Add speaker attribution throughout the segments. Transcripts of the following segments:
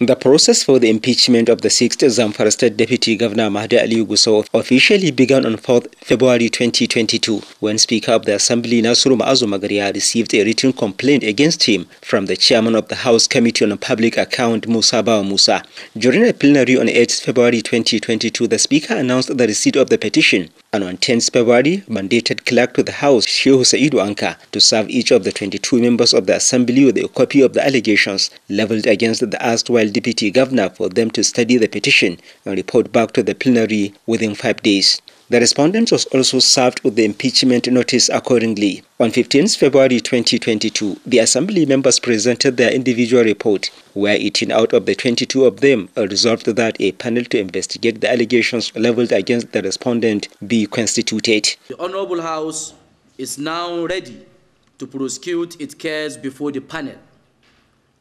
Speaker 1: The process for the impeachment of the 6th Zamfara State Deputy Governor Mahdi Ali Gusau officially began on 4 February 2022 when Speaker of the Assembly Nasrul Ma'azu Magaria received a written complaint against him from the Chairman of the House Committee on Public Account Musa Bawa Musa. During a plenary on 8 February 2022, the Speaker announced the receipt of the petition and on 10 February, mandated clerk to the House, Shehu Sa'idu Anka, to serve each of the 22 members of the Assembly with a copy of the allegations leveled against the erstwhile Deputy Governor for them to study the petition and report back to the plenary within five days. The respondent was also served with the impeachment notice accordingly. On 15 February 2022, the Assembly members presented their individual report, where 18 out of the 22 of them uh, resolved that a panel to investigate the allegations levelled against the respondent be constituted. The Honourable House is now ready to prosecute its case before the panel.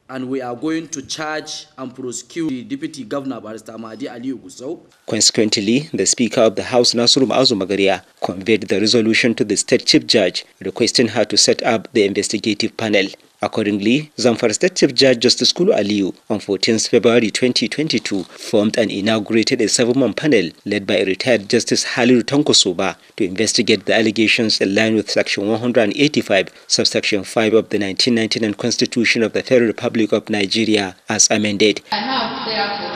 Speaker 1: and we are going to charge and prosecute the Deputy Governor Barrister Mahdi Ali Ugusau. Consequently, the Speaker of the House, Nasiru Ma'azu Magaria, conveyed the resolution to the State Chief Judge, requesting her to set up the investigative panel. Accordingly, Zamfara State Chief Judge Justice Kulu Aliu on 14th February 2022 formed and inaugurated a 7 month panel led by retired Justice Haliru Tonkosoba to investigate the allegations in line with Section 185, Subsection 5 of the 1999 Constitution of the Federal Republic of Nigeria as amended. therefore,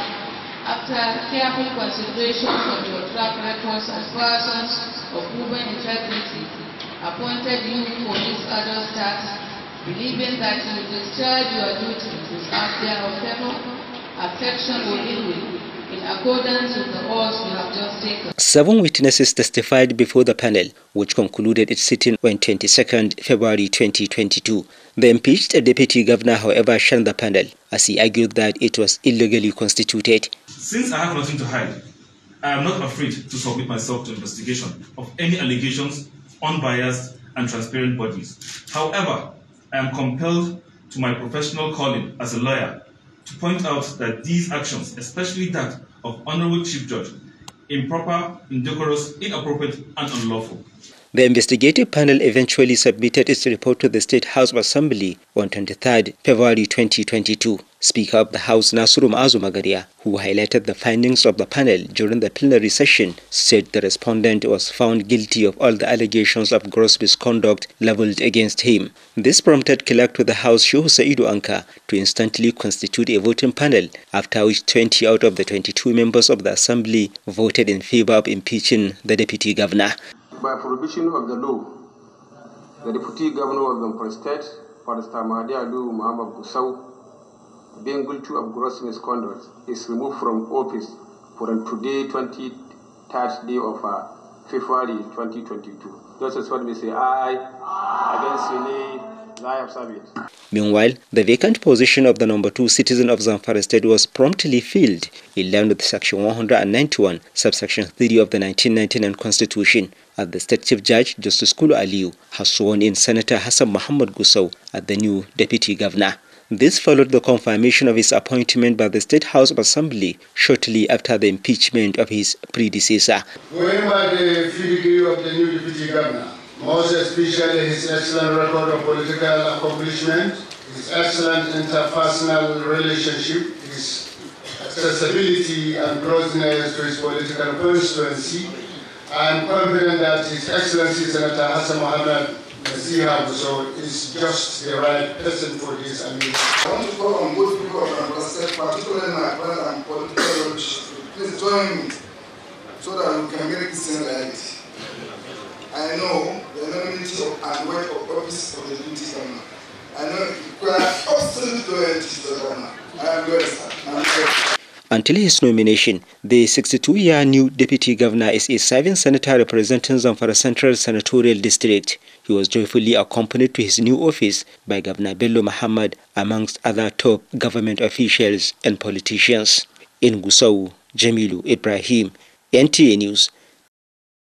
Speaker 1: after careful consideration of your track records as persons of proven integrity, appointed you for this other believing that you discharge your without fear of favor, affection, or ill Seven witnesses testified before the panel, which concluded its sitting on 22nd February 2022. The impeached deputy governor, however, shunned the panel as he argued that it was illegally constituted. Since I have nothing to hide, I am not afraid to submit myself to investigation of any allegations, unbiased and transparent bodies. However, I am compelled to my professional calling as a lawyer to point out that these actions, especially that of Honorable Chief Judge, improper, indecorous, inappropriate, and unlawful. The investigative panel eventually submitted its report to the State House of Assembly on 23 February 2022. Speaker of the House Nasiru Azumagaria, who highlighted the findings of the panel during the plenary session, said the respondent was found guilty of all the allegations of gross misconduct leveled against him. This prompted Clerk to the House Shehu Saidu Anka to instantly constitute a voting panel, after which 20 out of the 22 members of the Assembly voted in favor of impeaching the Deputy Governor by prohibition of the law, the deputy governor of the State, Pastor Mahdi Adu Muhammad Gusau, being guilty of gross misconduct, is removed from office for today, 23rd day of uh, February 2022. That's what we say. Aye. Aye. Against Aye. Meanwhile, the vacant position of the number two citizen of Zamfara State was promptly filled in line with Section 191, subsection 3 of the 1999 Constitution, as the State Chief Judge Justice Kulu Aliu, has sworn in Senator Hassan Muhammad Gusau as the new Deputy Governor. This followed the confirmation of his appointment by the State House of Assembly shortly after the impeachment of his predecessor. We by the degree of the new Deputy Governor, most especially his excellent record of political accomplishment, his excellent interpersonal relationship, his accessibility and closeness to his political constituency. I am confident that His Excellency Senator Hassan Mohammed Nasiha is just the right person for this ambition. I want to call on both people of Ambassador, particularly my brother and political Please join me so that we can make this reality. I know the anonymity of and work of office of the duty governor. I know absolute loyalty to the governor. I am until his nomination, the 62-year new deputy governor is a serving senator representing Zamfara Central Senatorial District. He was joyfully accompanied to his new office by Governor Bello Muhammad, amongst other top government officials and politicians. In Gusau, Jamilu Ibrahim, NTA News,